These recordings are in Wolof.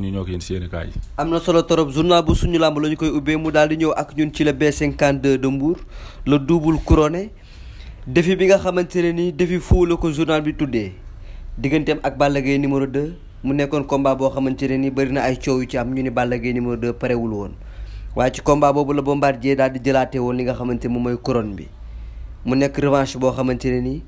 ñu ñoo ko yéen si yéen kaay am na solo torop journal bu suñu làmb la ñu koy ubbee mu daal di ñëw ak ñun ci le B52 de Mbour le double couronné defi bi nga xamante ne nii défi fou la ko journal bi tuddee digganteem ak Balla Gaye numéro 2 mu nekkoon combat boo xamante ne nii bëri na ay coow yu ci am ñu ni Balla Gaye numéro 2 parewul woon waaye ci combat boobu la Bombardier daal di jëlaate woon li nga xamante ne moom mooy couronne bi mu nekk revanche boo xamante ne nii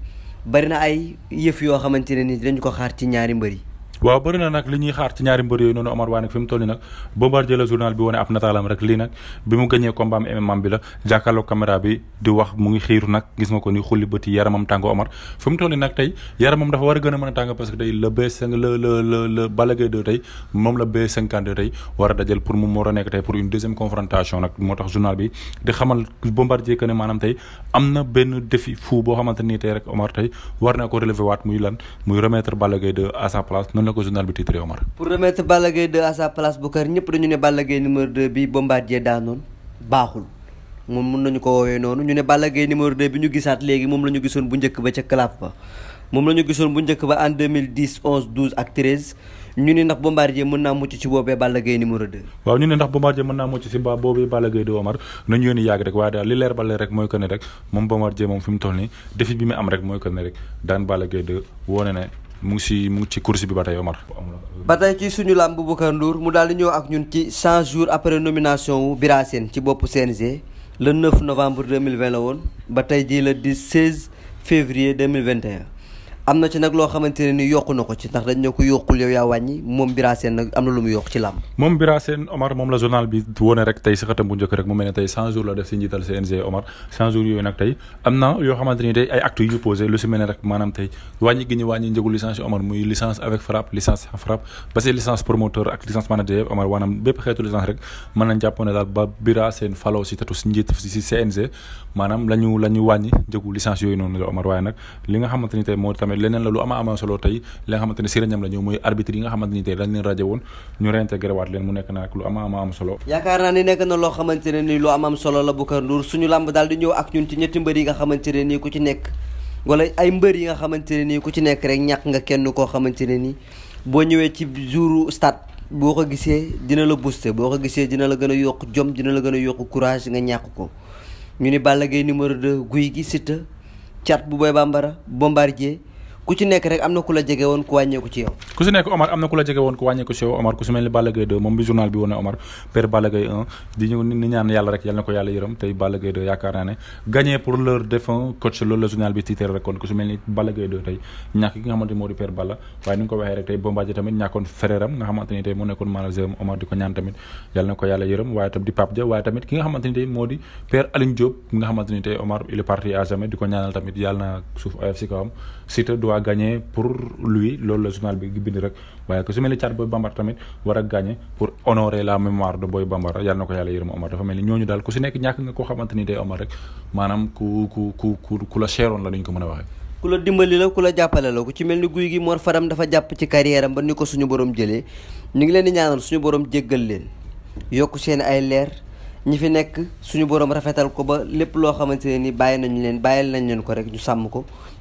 bëri na ay yëf yoo xamante ne nii dañu ko xaar ci ñaari mbër yi waaw bëri na nag li ñuy xaar ci ñaari mbër yooyu noonu Omar Waane nag fi mu toll nii nag Bombardier la journal bi wane ab nataalam rek lii nag bi mu gagné combat am bi la jàkkaarloo caméra bi di wax mu ngi xiiru nag gis nga ko ni xulli bëti yaramam tàng Omar fi mu toll nii nag tey yaramam dafa war a gën a mën a tàng parce que tey le B5 le le le le Balla tey moom la B52 tey war a dajal pour mu mor a nekk tey pour une deuxième confrontation nag moo tax journal bi di xamal Bombardier que na benn défi fou boo xamante nii tey rek Omar war na ko relever waat muy lan muy remettre Balla Gaye 2 na ko journal bi titré Omar. pour remettre Balla Gaye 2 à sa place Boucar ñëpp dañu ne Balla Gaye numéro 2 bi Bombardier daanoon baaxul moom mun nañu ko woowee noonu ñu ne Balla Gaye numéro 2 bi ñu gisaat léegi moom la ñu gisoon bu njëkk ba ca CLAF ba moom la ñu gisoon bu njëkk ba en 2010 11 12 ak 13. ñu ne ndax Bombardier mën naa mucc ci boobee Balla Gaye numéro 2. waaw ñu ne Omar nañu yéen yàgg rek waaye daal li leer ba rek mooy que ne rek moom Bombardier moom am rek mooy que mu ngi mu ci course bi ba Omar. ba tey ci suñu làmb Boubacar nduur mu daal di ñëw ak ñun ci 100 jour après nomination wu Bira Sène ci boppu CNG le 9 novembre 2020 la woon ba tey jii la di 16 février 2021. am na ci nag loo xamante ni yokku na ko ci ndax dañ ne ko yokkul yow yaa wàññi moom Bira Sène am na lu mu yokk ci làmb moom Bira Sène Omar moom la journal bi wone rek tey si xatam bu njëkk rek mu mel tey 100 jours la def si njiital CNG Omar 100 jours yooyu nag tey am na yoo xamante tey ay actes yu ñu posé lu si mel rek maanaam tey wàññi gi ñu wàññi njëgu licence Omar muy licence avec frappe licence sans ba si licence promoteur ak licence leneen la lu ama ama solo tey li nga xamante ne Siré Niang la ñëw mooy arbitre yi nga xamante tey dañ leen ñu réintégré waat leen mu nekk na lu ama ama am solo yaakaar naa ni nekk na loo xamante ne nii lu am am solo la Boucar Ndour suñu làmb daal di ñëw ak ñun ci ñetti mbër yi nga xamante ne nii ku ci nekk wala ay mbër yi nga xamante ne nii ku ci nekk rek ñàkk nga kenn koo xamante ne nii boo ñëwee ci jour stade boo ko gisee dina la booster boo ko gisee dina la gën a yokk jom dina la gën a yokk courage nga ñàkk ko ñu ni Balla Gaye numéro 2 guy gi Siteu cat bu boy bambara bombardier ku ci nekk rek am na ku la jege woon ku wàññeeku ci yow ku ci nekk Omar am na ku la jege woon ku wàññeeku ci yow Omar ku su mel ni Balla Gaye 2 moom bi journal bi woon na Omar père Balla Gaye 1 di ñëw journal bi titre rek kon ku su mel ni tey ñàkk ki nga xamante moo tey Bombardier nekkoon manager am di ko ñaan tamit yàlla na ko yàlla yërëm waaye tam di Pape Dia waaye tamit ki nga xamante ni tey moo di père Aline Diop nga xamante ni tey pas gagné pour lui loolu la journal bi bind rek waaye que su mel ni Thiat Boy Bambara tamit war a gagné pour honorer la mémoire de Boy Bambara yàlla na ko yàlla ma Omar dafa mel ni ñooñu daal ku si nekk ñàkk nga koo xamante ni day Omar rek maanaam ku ku ku ku la cheroon la ni ñu ko mën a waxee. ku la dimbali la ku la jàppale la ku ci mel ni guy gi Mor Fadam dafa jàpp ci carrière am ni ko suñu borom jëlee ñu ngi leen ñaanal suñu borom jéggal leen yokk seen ay leer. ñi fi nekk suñu boroom rafetal ko ba lépp loo xamante ne ni bàyyi nañu leen bàyyil nañ leen ko rek ñu sàmm